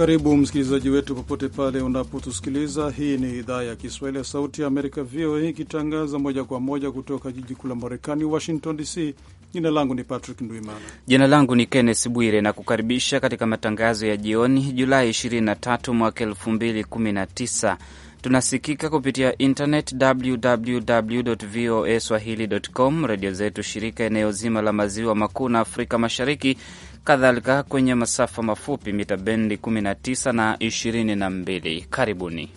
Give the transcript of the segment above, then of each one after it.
Karibu msikilizaji wetu popote pale unapotusikiliza. Hii ni idhaa ya Kiswahili ya Sauti ya Amerika, VOA, ikitangaza moja kwa moja kutoka jiji kuu la Marekani, Washington DC. Jina langu ni Patrick Ndwimana. Jina langu ni Kenneth Bwire na kukaribisha katika matangazo ya jioni, Julai 23 mwaka 2019. Tunasikika kupitia internet www voa swahili com, redio zetu shirika eneo zima la maziwa makuu na Afrika Mashariki kadhalika kwenye masafa mafupi mita bendi 19 na 22. Karibuni.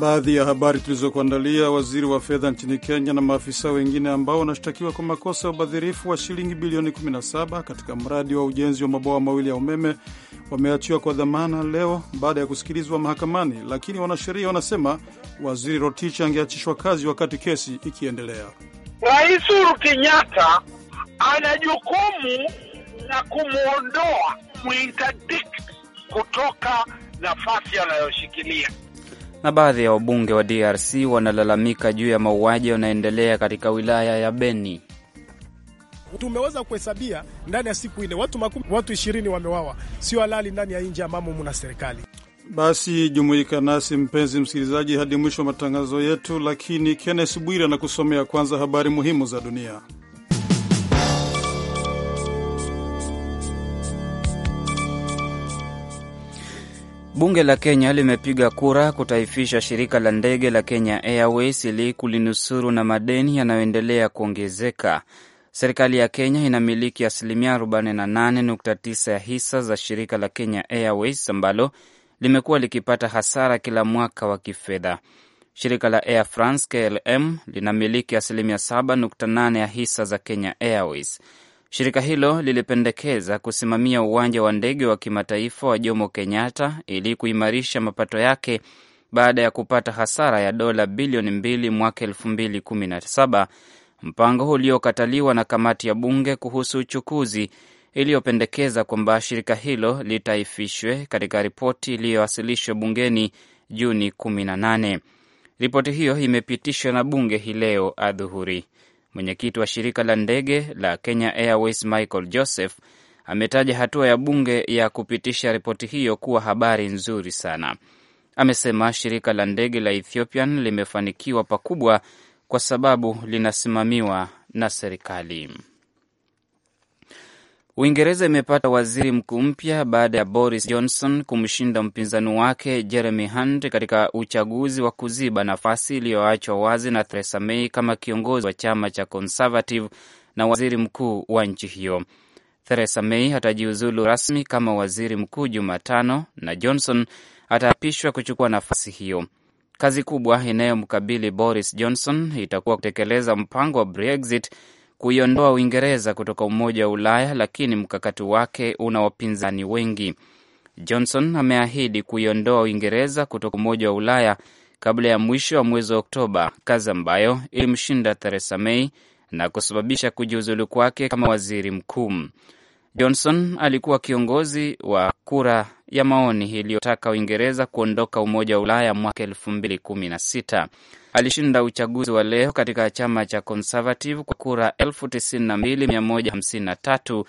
Baadhi ya habari tulizokuandalia: waziri wa fedha nchini Kenya na maafisa wengine ambao wanashtakiwa kwa makosa ya ubadhirifu wa shilingi bilioni 17 katika mradi wa ujenzi wa mabwawa mawili ya umeme wameachiwa kwa dhamana leo baada ya kusikilizwa mahakamani, lakini wanasheria wanasema waziri Rotich angeachishwa kazi wakati kesi ikiendelea. Rais Uhuru Kenyatta ana jukumu la kumwondoa muinterdict kutoka nafasi anayoshikilia na baadhi ya wabunge wa DRC wanalalamika juu ya mauaji yanayoendelea katika wilaya ya Beni tumeweza kuhesabia ndani ya siku nne watu makumi watu ishirini wamewawa, sio halali ndani ya nje ambamo muna serikali. Basi jumuika nasi mpenzi msikilizaji hadi mwisho wa matangazo yetu, lakini Kennes Bwire anakusomea kwanza habari muhimu za dunia. Bunge la Kenya limepiga kura kutaifisha shirika la ndege la Kenya Airways ili kulinusuru na madeni yanayoendelea kuongezeka. Serikali ya Kenya inamiliki asilimia 48.9 ya hisa za shirika la Kenya Airways ambalo limekuwa likipata hasara kila mwaka wa kifedha. Shirika la Air France KLM linamiliki asilimia 7.8 ya hisa za Kenya Airways. Shirika hilo lilipendekeza kusimamia uwanja wa ndege wa kimataifa wa Jomo Kenyatta ili kuimarisha mapato yake baada ya kupata hasara ya dola bilioni 2 mwaka 2017 mpango uliokataliwa na kamati ya bunge kuhusu uchukuzi iliyopendekeza kwamba shirika hilo litaifishwe katika ripoti iliyowasilishwa bungeni Juni 18. Ripoti hiyo imepitishwa na bunge hii leo adhuhuri. Mwenyekiti wa shirika la ndege la Kenya Airways Michael Joseph ametaja hatua ya bunge ya kupitisha ripoti hiyo kuwa habari nzuri sana. Amesema shirika la ndege la Ethiopian limefanikiwa pakubwa kwa sababu linasimamiwa na serikali. Uingereza imepata waziri mkuu mpya baada ya Boris Johnson kumshinda mpinzani wake Jeremy Hunt katika uchaguzi wa kuziba nafasi iliyoachwa wazi na Theresa May kama kiongozi wa chama cha Conservative na waziri mkuu wa nchi hiyo. Theresa May atajiuzulu rasmi kama waziri mkuu Jumatano na Johnson ataapishwa kuchukua nafasi hiyo. Kazi kubwa inayomkabili Boris Johnson itakuwa kutekeleza mpango wa Brexit kuiondoa Uingereza kutoka Umoja wa Ulaya, lakini mkakati wake una wapinzani wengi. Johnson ameahidi kuiondoa Uingereza kutoka Umoja wa Ulaya kabla ya mwisho wa mwezi wa Oktoba, kazi ambayo ilimshinda Theresa May na kusababisha kujiuzulu kwake kama waziri mkuu. Johnson alikuwa kiongozi wa kura ya maoni iliyotaka Uingereza kuondoka Umoja wa Ulaya mwaka elfu mbili kumi na sita. Alishinda uchaguzi wa leo katika chama cha Conservative kwa kura elfu tisini na mbili mia moja hamsini na tatu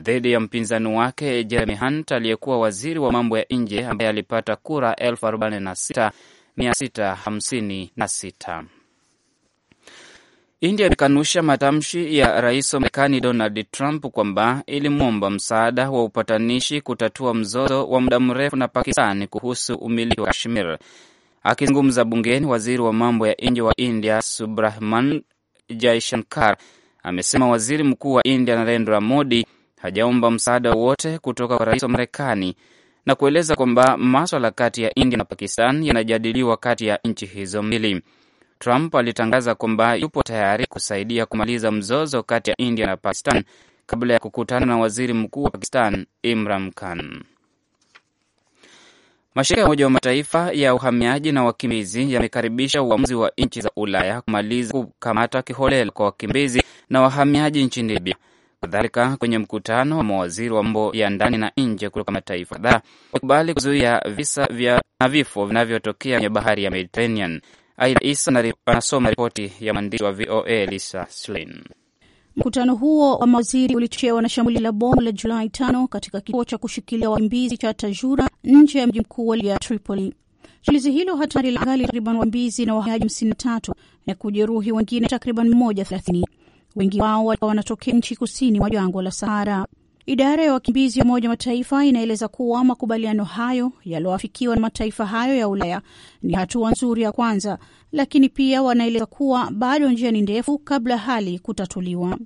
dhidi ya mpinzani wake Jeremy Hunt aliyekuwa waziri wa mambo ya nje ambaye alipata kura elfu arobaini na sita mia sita hamsini na sita. India imekanusha matamshi ya rais wa Marekani Donald Trump kwamba ilimwomba msaada wa upatanishi kutatua mzozo wa muda mrefu na Pakistan kuhusu umiliki wa Kashmir. Akizungumza bungeni, waziri wa mambo ya nje wa India Subrahman Jaishankar amesema waziri mkuu wa India Narendra Modi hajaomba msaada wowote kutoka kwa rais wa Marekani na kueleza kwamba maswala kati ya India na Pakistan yanajadiliwa kati ya nchi hizo mbili. Trump alitangaza kwamba yupo tayari kusaidia kumaliza mzozo kati ya India na Pakistan kabla ya kukutana na waziri mkuu wa Pakistan Imran Khan. Mashirika ya Umoja wa Mataifa ya uhamiaji na wakimbizi yamekaribisha uamuzi wa nchi za Ulaya kumaliza kukamata kiholela kwa wakimbizi na wahamiaji nchini Libya. Kadhalika, kwenye mkutano wa mawaziri wa mambo ya ndani na nje kutoka mataifa kadhaa, wakubali kuzuia visa vya na vifo vinavyotokea kwenye bahari ya Mediterranean. Aida Isa anasoma ripoti ya mwandishi wa VOA Lisa Schlein. Mkutano huo wa mawaziri ulichochewa na shambulio la bomu la Julai tano katika kituo cha kushikilia wakimbizi cha Tajura nje ya mji mkuu wa Libya, Tripoli. Shambulizi hilo hatari la gali takriban wakimbizi na wahamiaji hamsini na tatu na kujeruhi wengine takriban mia moja thelathini. Wengi wao walikuwa wanatokea nchi kusini mwa jangwa la Sahara. Idara ya wakimbizi ya Umoja wa Mataifa inaeleza kuwa makubaliano hayo yaliyoafikiwa na mataifa hayo ya Ulaya ni hatua nzuri ya kwanza, lakini pia wanaeleza kuwa bado njia ni ndefu kabla hali kutatuliwa.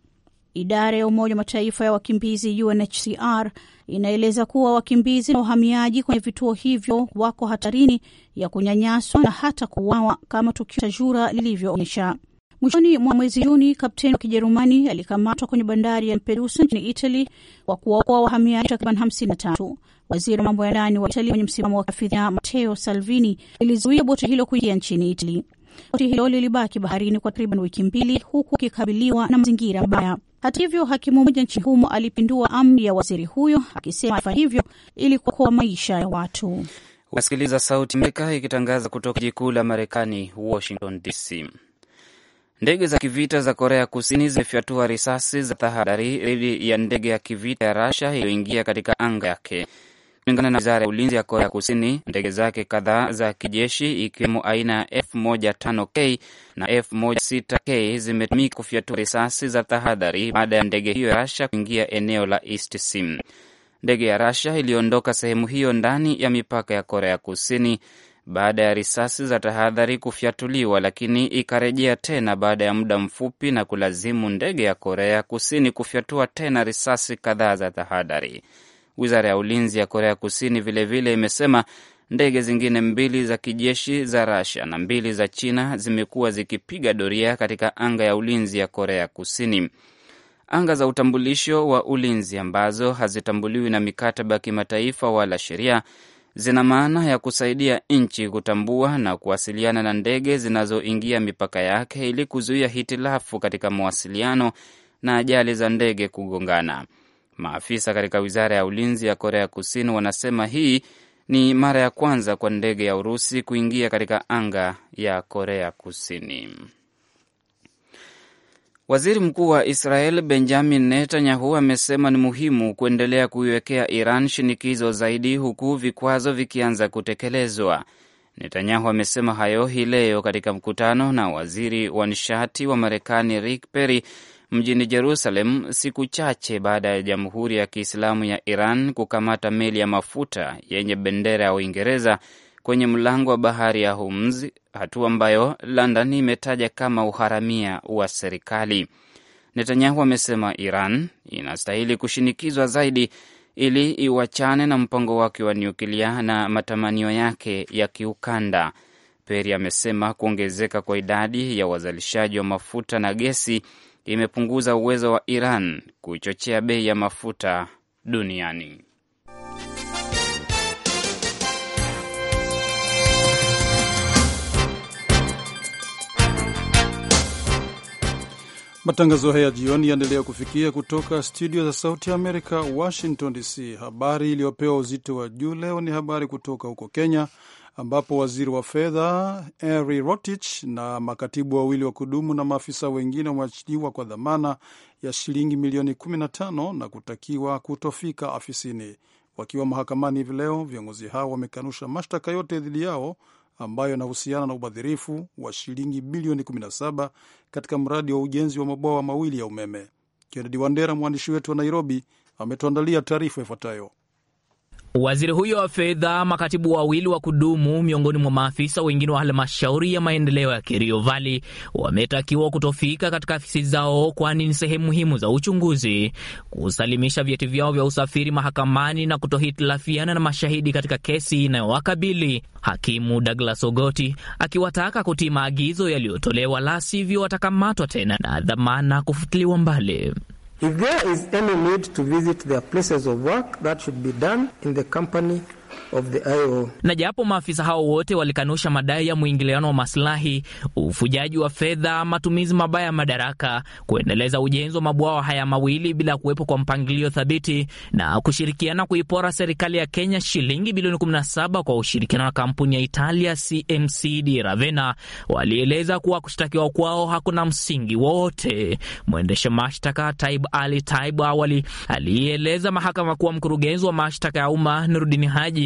Idara ya Umoja wa Mataifa ya wakimbizi UNHCR inaeleza kuwa wakimbizi na wahamiaji kwenye vituo hivyo wako hatarini ya kunyanyaswa na hata kuuawa kama tukio jura lilivyoonyesha. Mwishoni mwa mwezi Juni, kapteni wa Kijerumani alikamatwa kwenye bandari ya Lampedusa nchini Italy kwa kuwaokoa wahamiaji takriban hamsini na tatu. Waziri wa mambo ya ndani wa Italy mwenye msimamo wa kafidhia Matteo Salvini lilizuia boti hilo kuingia nchini Italy. Boti hilo lilibaki baharini kwa takriban wiki mbili huku akikabiliwa na mazingira mabaya. Hata hivyo, hakimu mmoja nchini humo alipindua amri ya waziri huyo akisema fa hivyo ili kuokoa maisha ya watu. Wasikiliza Sauti Amerika ikitangaza kutoka jikuu la Marekani, Washington DC. Ndege za kivita za Korea Kusini zimefyatua risasi za tahadhari dhidi ya ndege ya kivita ya Rasha iliyoingia katika anga yake. Kulingana na wizara ya ulinzi ya Korea Kusini, ndege zake kadhaa za kijeshi ikiwemo aina ya F15K na F16K zimetumika kufyatua risasi za tahadhari baada ya ndege hiyo ya Rasha kuingia eneo la East Sim. Ndege ya Rasha iliondoka sehemu hiyo ndani ya mipaka ya Korea Kusini baada ya risasi za tahadhari kufyatuliwa, lakini ikarejea tena baada ya muda mfupi na kulazimu ndege ya Korea Kusini kufyatua tena risasi kadhaa za tahadhari. Wizara ya ulinzi ya Korea Kusini vilevile vile imesema ndege zingine mbili za kijeshi za Rasia na mbili za China zimekuwa zikipiga doria katika anga ya ulinzi ya Korea Kusini. Anga za utambulisho wa ulinzi ambazo hazitambuliwi na mikataba ya kimataifa wala sheria zina maana ya kusaidia nchi kutambua na kuwasiliana na ndege zinazoingia mipaka yake ili kuzuia hitilafu katika mawasiliano na ajali za ndege kugongana. Maafisa katika wizara ya ulinzi ya Korea Kusini wanasema hii ni mara ya kwanza kwa ndege ya Urusi kuingia katika anga ya Korea Kusini. Waziri mkuu wa Israel Benjamin Netanyahu amesema ni muhimu kuendelea kuiwekea Iran shinikizo zaidi, huku vikwazo vikianza kutekelezwa. Netanyahu amesema hayo hii leo katika mkutano na waziri wa nishati wa Marekani Rick Perry mjini Jerusalem, siku chache baada ya Jamhuri ya Kiislamu ya Iran kukamata meli ya mafuta yenye bendera ya Uingereza kwenye mlango wa bahari ya Hormuz, hatua ambayo London imetaja kama uharamia wa serikali. Netanyahu amesema Iran inastahili kushinikizwa zaidi ili iwachane na mpango wake wa nyuklia na matamanio yake ya kiukanda. Peri amesema kuongezeka kwa idadi ya wazalishaji wa mafuta na gesi imepunguza uwezo wa Iran kuchochea bei ya mafuta duniani. Matangazo haya jioni yaendelea kufikia kutoka studio za Sauti ya Amerika, Washington DC. Habari iliyopewa uzito wa juu leo ni habari kutoka huko Kenya, ambapo waziri wa fedha Henry Rotich na makatibu wawili wa kudumu na maafisa wengine wameachiliwa kwa dhamana ya shilingi milioni 15 na kutakiwa kutofika afisini. Wakiwa mahakamani hivi leo, viongozi hao wamekanusha mashtaka yote dhidi yao ambayo yanahusiana na ubadhirifu wa shilingi bilioni 17 katika mradi wa ujenzi wa mabwawa mawili ya umeme. Kennedy Wandera, mwandishi wetu wa Nairobi, ametuandalia taarifa ifuatayo. Waziri huyo wa fedha, makatibu wawili wa kudumu miongoni mwa maafisa wengine wa halmashauri ya maendeleo ya Kerio Valley wametakiwa kutofika katika afisi zao, kwani ni sehemu muhimu za uchunguzi, kusalimisha vyeti vyao vya usafiri mahakamani na kutohitilafiana na mashahidi katika kesi inayowakabili. Hakimu Douglas Ogoti akiwataka kutii maagizo yaliyotolewa, la sivyo watakamatwa tena na dhamana kufutiliwa mbali. If there is any need to visit their places of work, that should be done in the company of the IO. Na japo maafisa hao wote walikanusha madai ya mwingiliano wa maslahi, ufujaji wa fedha, matumizi mabaya ya madaraka, kuendeleza ujenzi wa mabwawa haya mawili bila kuwepo kwa mpangilio thabiti na kushirikiana kuipora serikali ya Kenya shilingi bilioni 17 kwa ushirikiano na kampuni ya Italia CMC di Ravenna, walieleza kuwa kushtakiwa kwao hakuna msingi wowote. Mwendesha mashtaka Taib Ali Taib awali alieleza mahakama kuwa mkurugenzi wa mashtaka ya umma Nurudini Haji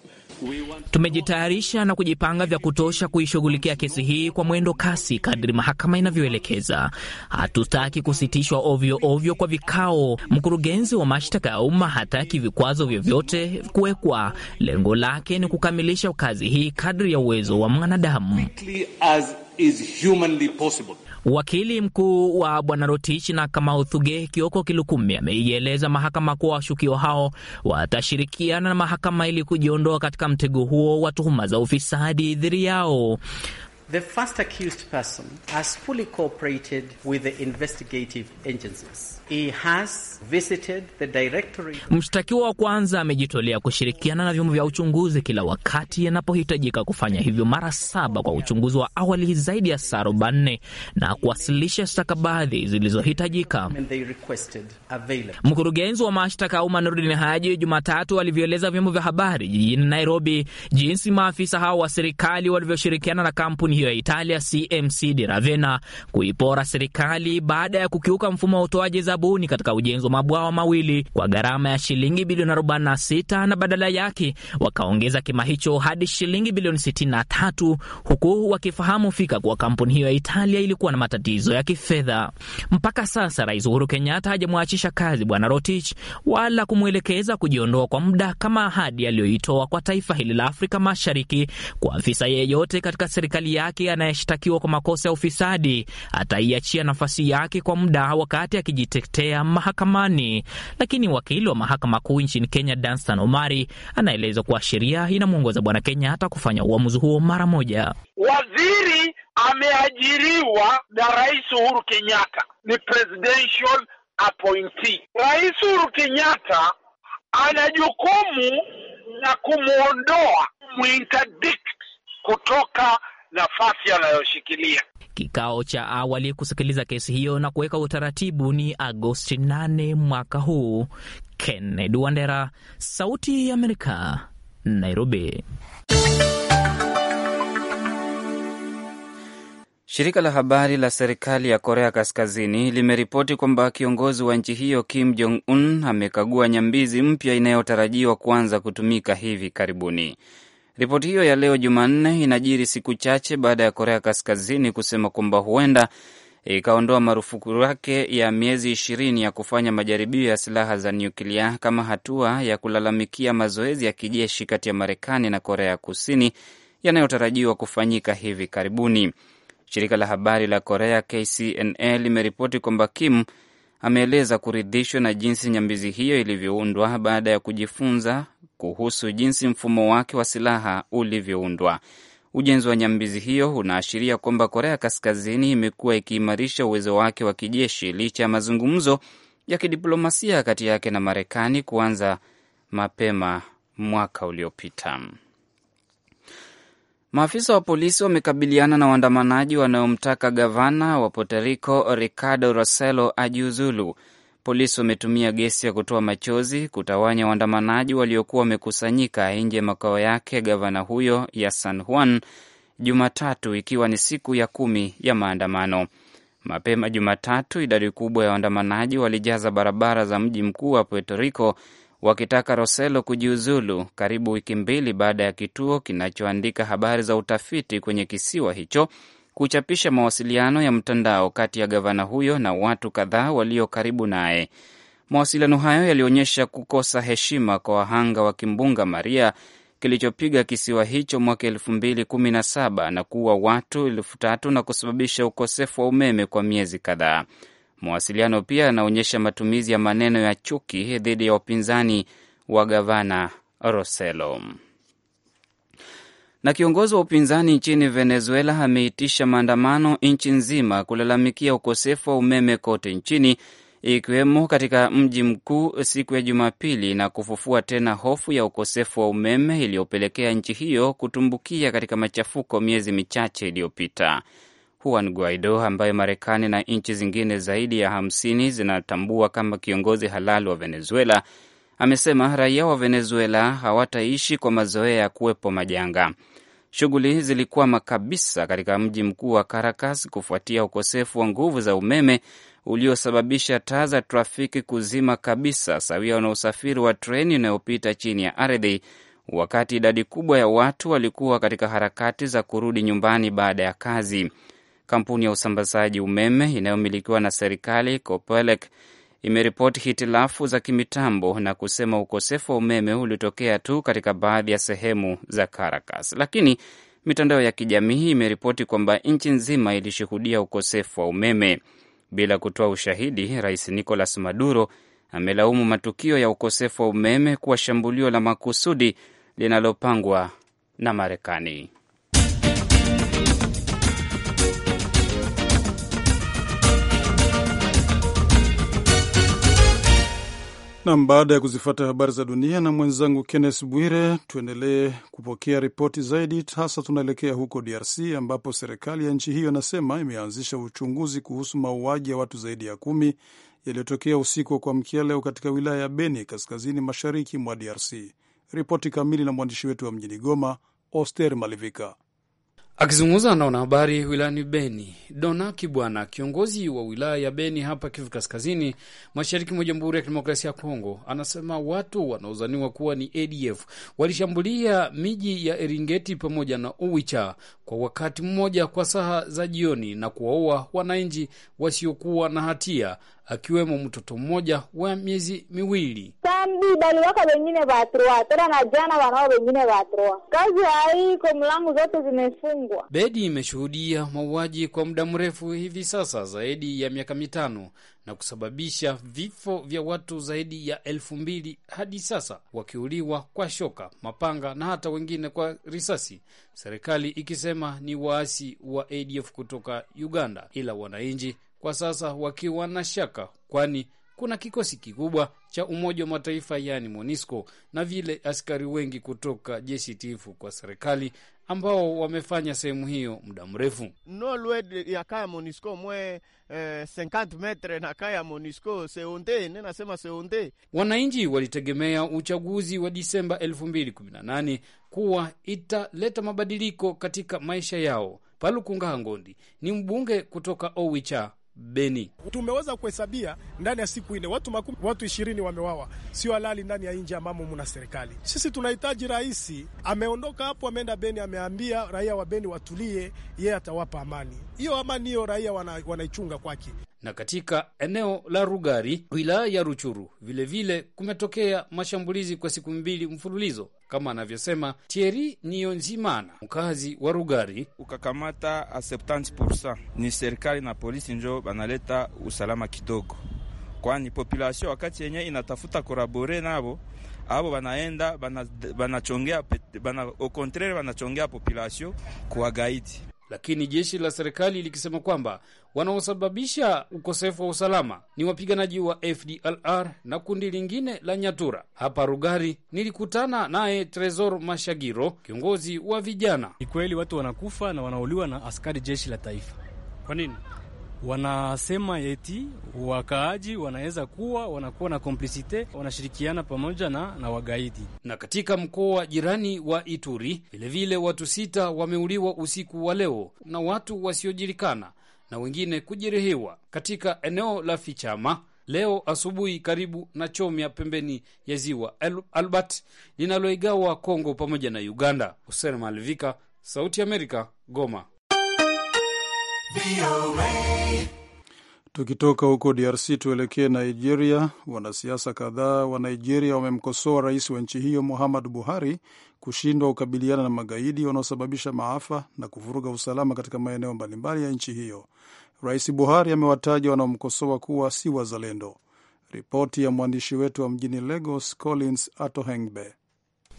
Tumejitayarisha na kujipanga vya kutosha kuishughulikia kesi hii kwa mwendo kasi kadri mahakama inavyoelekeza. Hatutaki kusitishwa ovyo ovyo kwa vikao. Mkurugenzi wa mashtaka ya umma hataki vikwazo vyovyote kuwekwa. Lengo lake ni kukamilisha kazi hii kadri ya uwezo wa mwanadamu. Wakili mkuu wa bwana Rotich na Kamau Thuge, Kioko Kilukumi, ameieleza mahakama kuwa washukio hao watashirikiana na mahakama ili kujiondoa katika mtego huo wa tuhuma za ufisadi dhidi yao. The first accused person has fully cooperated with the investigative agencies. Mshtakiwa wa kwanza amejitolea kushirikiana na vyombo vya uchunguzi kila wakati yanapohitajika kufanya hivyo mara saba kwa uchunguzi wa awali zaidi ya saa arobaini na kuwasilisha stakabadhi zilizohitajika. Mkurugenzi wa mashtaka umma Noordin Haji Jumatatu alivyoeleza vyombo vya habari jijini Nairobi jinsi maafisa hao wa serikali walivyoshirikiana na kampuni hiyo ya Italia CMC di Ravenna kuipora serikali baada ya kukiuka mfumo wa utoaji zabuni katika ujenzi wa mabwawa mawili kwa gharama ya shilingi bilioni 46 na badala yake wakaongeza kima hicho hadi shilingi bilioni 63, huku wakifahamu fika kuwa kampuni hiyo ya Italia ilikuwa na matatizo ya kifedha. Mpaka sasa Rais Uhuru Kenyatta hajamwachisha kazi Bwana Rotich wala kumwelekeza kujiondoa kwa muda kama ahadi aliyoitoa kwa taifa hili la Afrika Mashariki kwa afisa yeyote katika serikali yake anayeshtakiwa kwa makosa ya ufisadi ataiachia nafasi yake kwa muda wakati akijitek kutetea mahakamani. Lakini wakili wa mahakama kuu nchini Kenya, Danstan Omari, anaeleza kuwa sheria inamwongoza Bwana kenya hata kufanya uamuzi huo mara moja. Waziri ameajiriwa na Rais Uhuru Kenyatta, ni presidential appointee. Rais Uhuru Kenyatta ana jukumu la kumwondoa mwinterdict kutoka nafasi anayoshikilia. Kikao cha awali kusikiliza kesi hiyo na kuweka utaratibu ni Agosti 8 mwaka huu. Kennedy Wandera, Sauti ya Amerika, Nairobi. Shirika la habari la serikali ya Korea Kaskazini limeripoti kwamba kiongozi wa nchi hiyo Kim Jong Un amekagua nyambizi mpya inayotarajiwa kuanza kutumika hivi karibuni. Ripoti hiyo ya leo Jumanne inajiri siku chache baada ya Korea Kaskazini kusema kwamba huenda ikaondoa marufuku yake ya miezi ishirini ya kufanya majaribio ya silaha za nyuklia kama hatua ya kulalamikia mazoezi ya kijeshi kati ya Marekani na Korea Kusini yanayotarajiwa kufanyika hivi karibuni. Shirika la habari la Korea KCNA limeripoti kwamba Kim ameeleza kuridhishwa na jinsi nyambizi hiyo ilivyoundwa baada ya kujifunza kuhusu jinsi mfumo wake wa silaha ulivyoundwa. Ujenzi wa nyambizi hiyo unaashiria kwamba Korea Kaskazini imekuwa ikiimarisha uwezo wake wa kijeshi licha ya mazungumzo ya kidiplomasia kati yake na Marekani kuanza mapema mwaka uliopita. Maafisa wa polisi wamekabiliana na waandamanaji wanaomtaka gavana wa Puerto Rico Ricardo roselo ajiuzulu. Polisi wametumia gesi ya kutoa machozi kutawanya waandamanaji waliokuwa wamekusanyika nje ya makao yake gavana huyo ya San Juan Jumatatu, ikiwa ni siku ya kumi ya maandamano. Mapema Jumatatu, idadi kubwa ya waandamanaji walijaza barabara za mji mkuu wa Puerto Rico wakitaka Roselo kujiuzulu, karibu wiki mbili baada ya kituo kinachoandika habari za utafiti kwenye kisiwa hicho kuchapisha mawasiliano ya mtandao kati ya gavana huyo na watu kadhaa walio karibu naye. Mawasiliano hayo yalionyesha kukosa heshima kwa wahanga wa kimbunga Maria kilichopiga kisiwa hicho mwaka elfu mbili kumi na saba na kuua watu elfu tatu na kusababisha ukosefu wa umeme kwa miezi kadhaa. Mawasiliano pia yanaonyesha matumizi ya maneno ya chuki dhidi ya upinzani wa gavana Roselo. Na kiongozi wa upinzani nchini Venezuela ameitisha maandamano nchi nzima kulalamikia ukosefu wa umeme kote nchini ikiwemo katika mji mkuu siku ya Jumapili na kufufua tena hofu ya ukosefu wa umeme iliyopelekea nchi hiyo kutumbukia katika machafuko miezi michache iliyopita. Juan Guaido ambaye Marekani na nchi zingine zaidi ya hamsini zinatambua kama kiongozi halali wa Venezuela amesema raia wa Venezuela hawataishi kwa mazoea ya kuwepo majanga shughuli zilikwama kabisa katika mji mkuu wa Caracas kufuatia ukosefu wa nguvu za umeme uliosababisha taa za trafiki kuzima kabisa, sawia na usafiri wa treni inayopita chini ya ardhi, wakati idadi kubwa ya watu walikuwa katika harakati za kurudi nyumbani baada ya kazi. Kampuni ya usambazaji umeme inayomilikiwa na serikali Copelec imeripoti hitilafu za kimitambo na kusema ukosefu wa umeme ulitokea tu katika baadhi ya sehemu za Caracas, lakini mitandao ya kijamii imeripoti kwamba nchi nzima ilishuhudia ukosefu wa umeme. Bila kutoa ushahidi, Rais Nicolas Maduro amelaumu matukio ya ukosefu wa umeme kuwa shambulio la makusudi linalopangwa na Marekani. Nam, baada ya kuzifata habari za dunia na mwenzangu Kennes Bwire, tuendelee kupokea ripoti zaidi. Hasa tunaelekea huko DRC ambapo serikali ya nchi hiyo inasema imeanzisha uchunguzi kuhusu mauaji ya watu zaidi ya kumi yaliyotokea usiku wa kuamkia leo katika wilaya ya Beni, kaskazini mashariki mwa DRC. Ripoti kamili na mwandishi wetu wa mjini Goma, Oster Malivika. Akizungumza na wanahabari wilayani Beni, Donaki Bwana, kiongozi wa wilaya ya Beni hapa Kivu Kaskazini, mashariki mwa Jamhuri ya Kidemokrasia ya Kongo, anasema watu wanaozaniwa kuwa ni ADF walishambulia miji ya Eringeti pamoja na Uwicha kwa wakati mmoja kwa saha za jioni na kuwaua wananchi wasiokuwa na hatia, akiwemo mtoto mmoja wa miezi miwili sambi baliwaka wengine vatroa tena na jana wanao wengine vatroa kazi haiko, mlango zote zimefungwa. Bedi imeshuhudia mauaji kwa muda mrefu hivi sasa zaidi ya miaka mitano na kusababisha vifo vya watu zaidi ya elfu mbili hadi sasa, wakiuliwa kwa shoka, mapanga na hata wengine kwa risasi, serikali ikisema ni waasi wa ADF kutoka Uganda, ila wananchi kwa sasa wakiwa na shaka, kwani kuna kikosi kikubwa cha Umoja wa Mataifa yaani MONUSCO na vile askari wengi kutoka jeshi tifu kwa serikali ambao wamefanya sehemu hiyo muda mrefu. no ya kaya MONUSCO mwe eh, 50 metre na kaya MONUSCO seonde seonde. Wananchi walitegemea uchaguzi wa Disemba 2018 kuwa italeta mabadiliko katika maisha yao. Palukunga Ngondi ni mbunge kutoka Owicha Beni. Tumeweza kuhesabia ndani ya siku nne watu makumi, watu ishirini wamewawa, sio halali ndani ya nje ambamo muna serikali. Sisi tunahitaji rais ameondoka hapo, ameenda Beni, ameambia raia wa Beni watulie, yeye atawapa amani. Hiyo amani hiyo raia wanaichunga wana kwake na katika eneo la Rugari, wilaya ya Ruchuru, vilevile kumetokea mashambulizi kwa siku mbili mfululizo, kama anavyosema Thierry Niyonzimana, mkazi wa Rugari. Ukakamata 70% ni serikali na polisi njo banaleta usalama kidogo, kwani populasio wakati yenye inatafuta korabore navo abo banaenda banachongea bana, au contraire banachongea populasio kuwagaidi lakini jeshi la serikali likisema kwamba wanaosababisha ukosefu wa usalama ni wapiganaji wa FDLR na kundi lingine la Nyatura. Hapa Rugari nilikutana naye Tresor Mashagiro, kiongozi wa vijana. Ni kweli watu wanakufa na wanauliwa na askari jeshi la taifa. Kwa nini? wanasema eti wakaaji wanaweza kuwa wanakuwa na komplisite, wanashirikiana pamoja na, na wagaidi. Na katika mkoa jirani wa Ituri vilevile watu sita wameuliwa usiku wa leo na watu wasiojulikana na wengine kujeruhiwa katika eneo la Fichama leo asubuhi karibu na Chomya pembeni ya ziwa Albert linaloigawa Kongo pamoja na Uganda. Hussein Malvika, Sauti ya Amerika, Goma. Tukitoka huko DRC tuelekee Nigeria. Wanasiasa kadhaa wa Nigeria wamemkosoa rais wa nchi hiyo muhammad Buhari kushindwa kukabiliana na magaidi wanaosababisha maafa na kuvuruga usalama katika maeneo mbalimbali ya nchi hiyo. Rais Buhari amewataja wanaomkosoa kuwa si wazalendo. Ripoti ya mwandishi wetu wa mjini Lagos, Collins Atohengbe.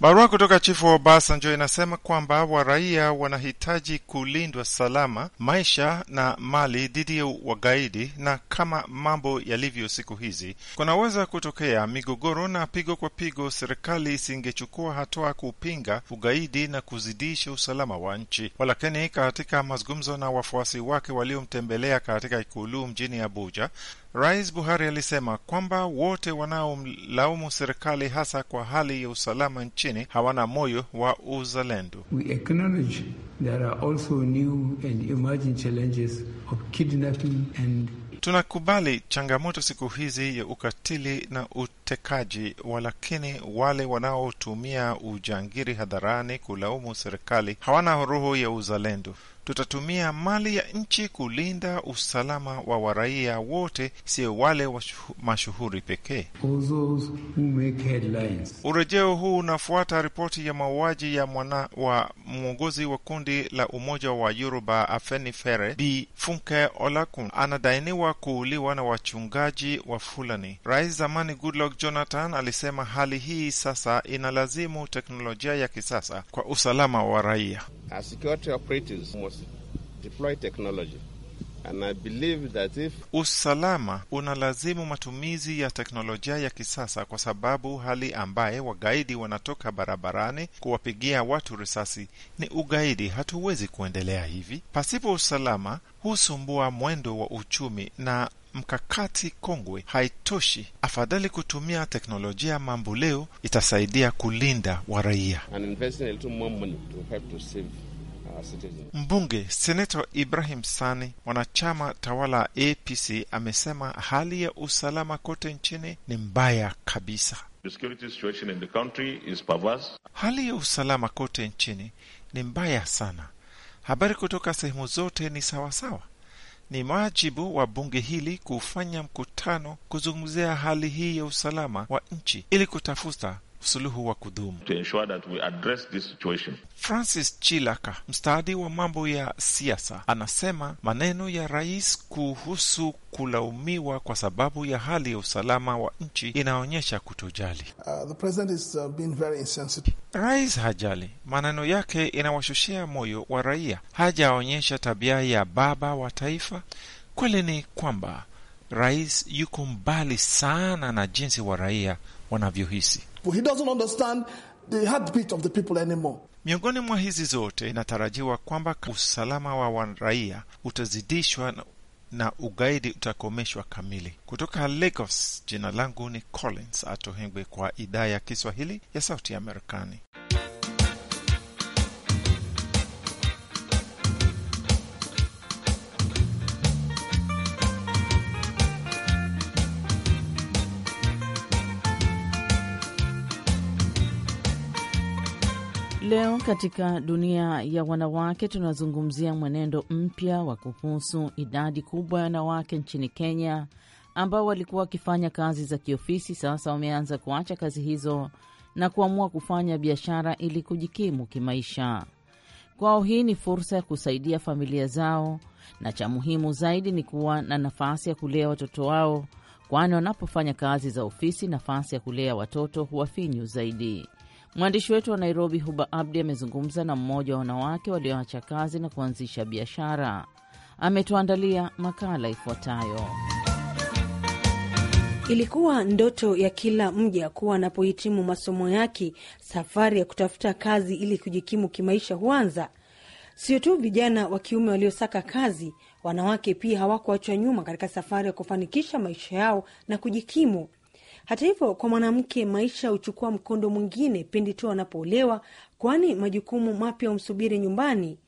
Barua kutoka chifu wa Obasanjo inasema kwamba waraia wanahitaji kulindwa salama, maisha na mali dhidi ya wagaidi, na kama mambo yalivyo siku hizi kunaweza kutokea migogoro na pigo kwa pigo, serikali isingechukua hatua kupinga ugaidi na kuzidisha usalama wa nchi. Walakini, katika mazungumzo na wafuasi wake waliomtembelea katika ikulu mjini Abuja, Rais Buhari alisema kwamba wote wanaolaumu serikali hasa kwa hali ya usalama nchini hawana moyo wa uzalendo. We acknowledge there are also new and emerging challenges of kidnapping and Tunakubali changamoto siku hizi ya ukatili na utekaji, walakini wale wanaotumia ujangiri hadharani kulaumu serikali hawana roho ya uzalendo tutatumia mali ya nchi kulinda usalama wa waraia wote, sio wale mashuhuri pekee. Urejeo huu unafuata ripoti ya mauaji ya mwana wa mwongozi wa kundi la umoja wa Yoruba Afenifere, Bi Funke Olakun, anadainiwa kuuliwa na wachungaji wa Fulani. Rais zamani Goodluck Jonathan alisema hali hii sasa inalazimu teknolojia ya kisasa kwa usalama wa raia deploy technology. And I believe that if... usalama unalazimu matumizi ya teknolojia ya kisasa kwa sababu hali ambaye wagaidi wanatoka barabarani kuwapigia watu risasi ni ugaidi. Hatuwezi kuendelea hivi. Pasipo usalama, husumbua mwendo wa uchumi na mkakati kongwe haitoshi. Afadhali kutumia teknolojia mambo leo itasaidia kulinda waraia. Mbunge senato Ibrahim Sani, mwanachama tawala APC, amesema hali ya usalama kote nchini ni mbaya kabisa. The security situation in the country is perverse. Hali ya usalama kote nchini ni mbaya sana. Habari kutoka sehemu zote ni sawasawa. Ni wajibu wa bunge hili kufanya mkutano kuzungumzia hali hii ya usalama wa nchi ili kutafuta suluhu wa kudumu. Francis Chilaka, mstaadi wa mambo ya siasa, anasema maneno ya rais kuhusu kulaumiwa kwa sababu ya hali ya usalama wa nchi inaonyesha kutojali. Uh, is, uh, rais hajali maneno yake, inawashushia moyo wa raia. Hajaonyesha tabia ya baba wa taifa. Kweli ni kwamba rais yuko mbali sana na jinsi wa raia wanavyohisi. He doesn't understand the heartbeat of the people anymore. Miongoni mwa hizi zote inatarajiwa kwamba usalama wa waraia utazidishwa na ugaidi utakomeshwa kamili. Kutoka Lagos, jina langu ni Collins Atohengwe kwa idhaa ya Kiswahili ya Sauti ya Amerikani. Leo katika dunia ya wanawake tunazungumzia mwenendo mpya wa kuhusu idadi kubwa ya wanawake nchini Kenya ambao walikuwa wakifanya kazi za kiofisi, sasa wameanza kuacha kazi hizo na kuamua kufanya biashara ili kujikimu kimaisha. Kwao hii ni fursa ya kusaidia familia zao, na cha muhimu zaidi ni kuwa na nafasi ya kulea watoto wao, kwani wanapofanya kazi za ofisi, nafasi ya kulea watoto huwafinyu zaidi. Mwandishi wetu wa Nairobi, Huba Abdi, amezungumza na mmoja wa wanawake walioacha kazi na kuanzisha biashara. Ametuandalia makala ifuatayo. Ilikuwa ndoto ya kila mja kuwa anapohitimu masomo yake, safari ya kutafuta kazi ili kujikimu kimaisha huanza. Sio tu vijana wa kiume waliosaka kazi, wanawake pia hawakuachwa nyuma katika safari ya kufanikisha maisha yao na kujikimu. Hata hivyo, kwa mwanamke maisha huchukua mkondo mwingine pindi tu anapoolewa, kwani majukumu mapya humsubiri nyumbani.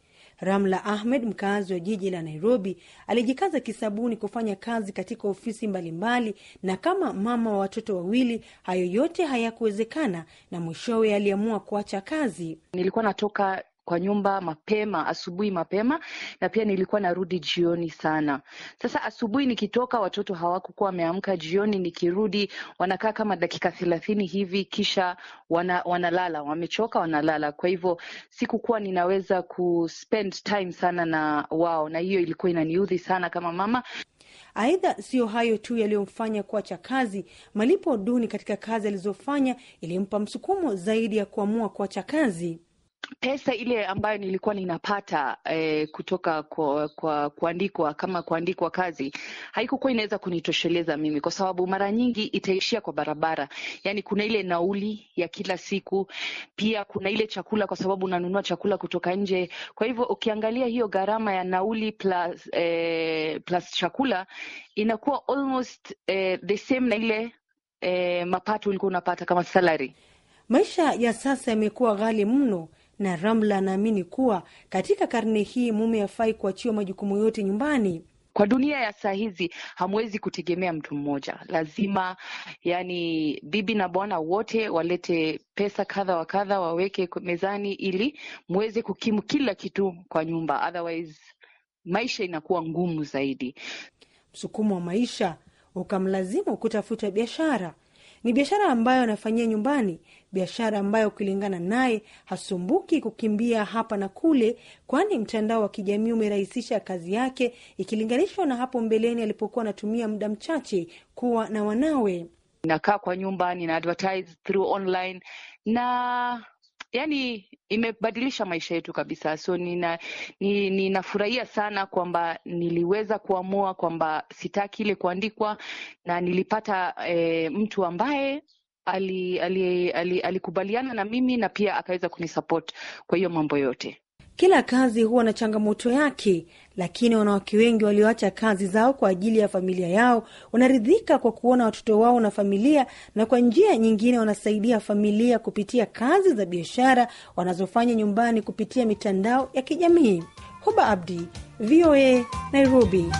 Ramla Ahmed, mkaazi wa jiji la Nairobi, alijikaza kisabuni kufanya kazi katika ofisi mbalimbali mbali, na kama mama wa watoto wawili, hayo yote hayakuwezekana na mwishowe aliamua kuacha kazi. Nilikuwa natoka kwa nyumba mapema, asubuhi mapema, na pia nilikuwa narudi jioni sana. Sasa asubuhi nikitoka, watoto hawakukuwa wameamka, jioni nikirudi, wanakaa kama dakika thelathini hivi, kisha wana, wanalala, wamechoka, wanalala. Kwa hivyo sikukuwa ninaweza kuspend time sana na wao, na hiyo ilikuwa inaniudhi sana kama mama. Aidha, siyo hayo tu yaliyomfanya kuacha kazi. Malipo duni katika kazi alizofanya ilimpa msukumo zaidi ya kuamua kuacha kazi pesa ile ambayo nilikuwa ninapata eh, kutoka kwa, kwa kuandikwa kama kuandikwa kazi haikukuwa inaweza kunitosheleza mimi, kwa sababu mara nyingi itaishia kwa barabara. Yani kuna ile nauli ya kila siku, pia kuna ile chakula, kwa sababu unanunua chakula kutoka nje. Kwa hivyo ukiangalia hiyo gharama ya nauli plus, eh, plus chakula inakuwa almost eh, the same na ile eh, mapato ulikuwa unapata kama salary. Maisha ya sasa yamekuwa ghali mno na Ramla anaamini kuwa katika karne hii mume hafai kuachiwa majukumu yote nyumbani. Kwa dunia ya saa hizi hamwezi kutegemea mtu mmoja, lazima yani bibi na bwana wote walete pesa kadha wa kadha, waweke mezani ili mweze kukimu kila kitu kwa nyumba, otherwise maisha inakuwa ngumu zaidi. Msukumo wa maisha ukamlazimu kutafuta biashara ni biashara ambayo anafanyia nyumbani, biashara ambayo ukilingana naye hasumbuki kukimbia hapa na kule, kwani mtandao wa kijamii umerahisisha kazi yake ikilinganishwa na hapo mbeleni alipokuwa anatumia muda mchache kuwa na wanawe. Nakaa kwa nyumba, nina advertise through online na yani imebadilisha maisha yetu kabisa. So ninafurahia ninafurahia ni sana kwamba niliweza kuamua kwamba sitaki ile kuandikwa, na nilipata e, mtu ambaye alikubaliana ali, ali, ali na mimi na pia akaweza kunisupport kwa hiyo mambo yote. Kila kazi huwa na changamoto yake, lakini wanawake wengi walioacha kazi zao kwa ajili ya familia yao wanaridhika kwa kuona watoto wao na familia, na kwa njia nyingine wanasaidia familia kupitia kazi za biashara wanazofanya nyumbani kupitia mitandao ya kijamii. Huba Abdi, VOA, Nairobi.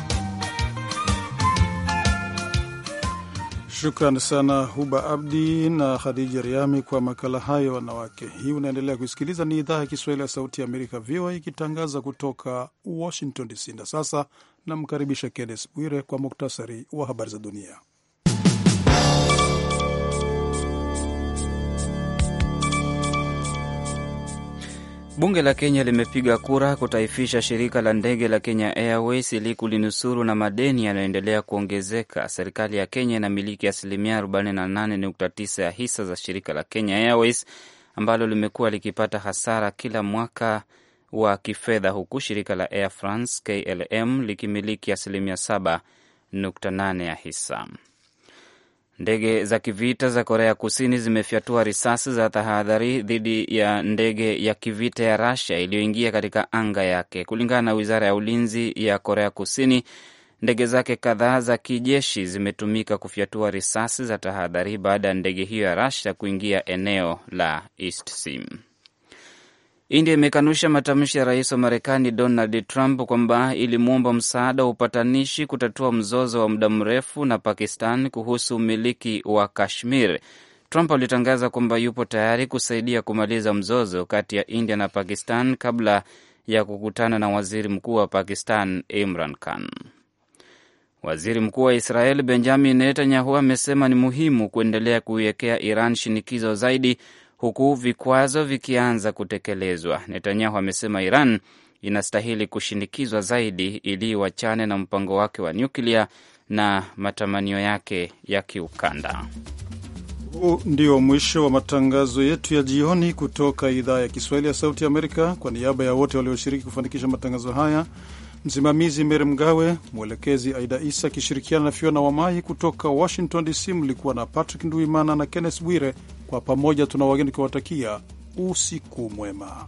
Shukran sana Huba Abdi na Khadija Riami kwa makala hayo wanawake. Hii unaendelea kusikiliza, ni idhaa ya Kiswahili ya Sauti ya Amerika, VOA, ikitangaza kutoka Washington DC. Na sasa namkaribisha Kennes Bwire kwa muktasari wa habari za dunia. Bunge la Kenya limepiga kura kutaifisha shirika la ndege la Kenya Airways ili kulinusuru na madeni yanayoendelea kuongezeka. Serikali ya Kenya inamiliki asilimia 48.9 ya hisa za shirika la Kenya Airways ambalo limekuwa likipata hasara kila mwaka wa kifedha, huku shirika la Air France KLM likimiliki asilimia 7.8 ya hisa. Ndege za kivita za Korea Kusini zimefyatua risasi za tahadhari dhidi ya ndege ya kivita ya Russia iliyoingia katika anga yake. Kulingana na wizara ya ulinzi ya Korea Kusini, ndege zake kadhaa za kijeshi zimetumika kufyatua risasi za tahadhari baada ya ndege hiyo ya Russia kuingia eneo la East India imekanusha matamshi ya rais wa Marekani Donald Trump kwamba ilimwomba msaada wa upatanishi kutatua mzozo wa muda mrefu na Pakistan kuhusu umiliki wa Kashmir. Trump alitangaza kwamba yupo tayari kusaidia kumaliza mzozo kati ya India na Pakistan kabla ya kukutana na waziri mkuu wa Pakistan Imran Khan. Waziri mkuu wa Israel Benjamin Netanyahu amesema ni muhimu kuendelea kuiwekea Iran shinikizo zaidi huku vikwazo vikianza kutekelezwa. Netanyahu amesema Iran inastahili kushinikizwa zaidi ili wachane na mpango wake wa nyuklia na matamanio yake ya kiukanda. Huu ndio mwisho wa matangazo yetu ya jioni kutoka idhaa ya Kiswahili ya Sauti ya Amerika. Kwa niaba ya wote walioshiriki kufanikisha matangazo haya Msimamizi Meri Mgawe, mwelekezi Aida Isa akishirikiana na Fiona Wamai. Kutoka Washington DC mlikuwa na Patrick Nduimana na Kenneth Bwire. Kwa pamoja tuna wageni tukiwatakia usiku mwema.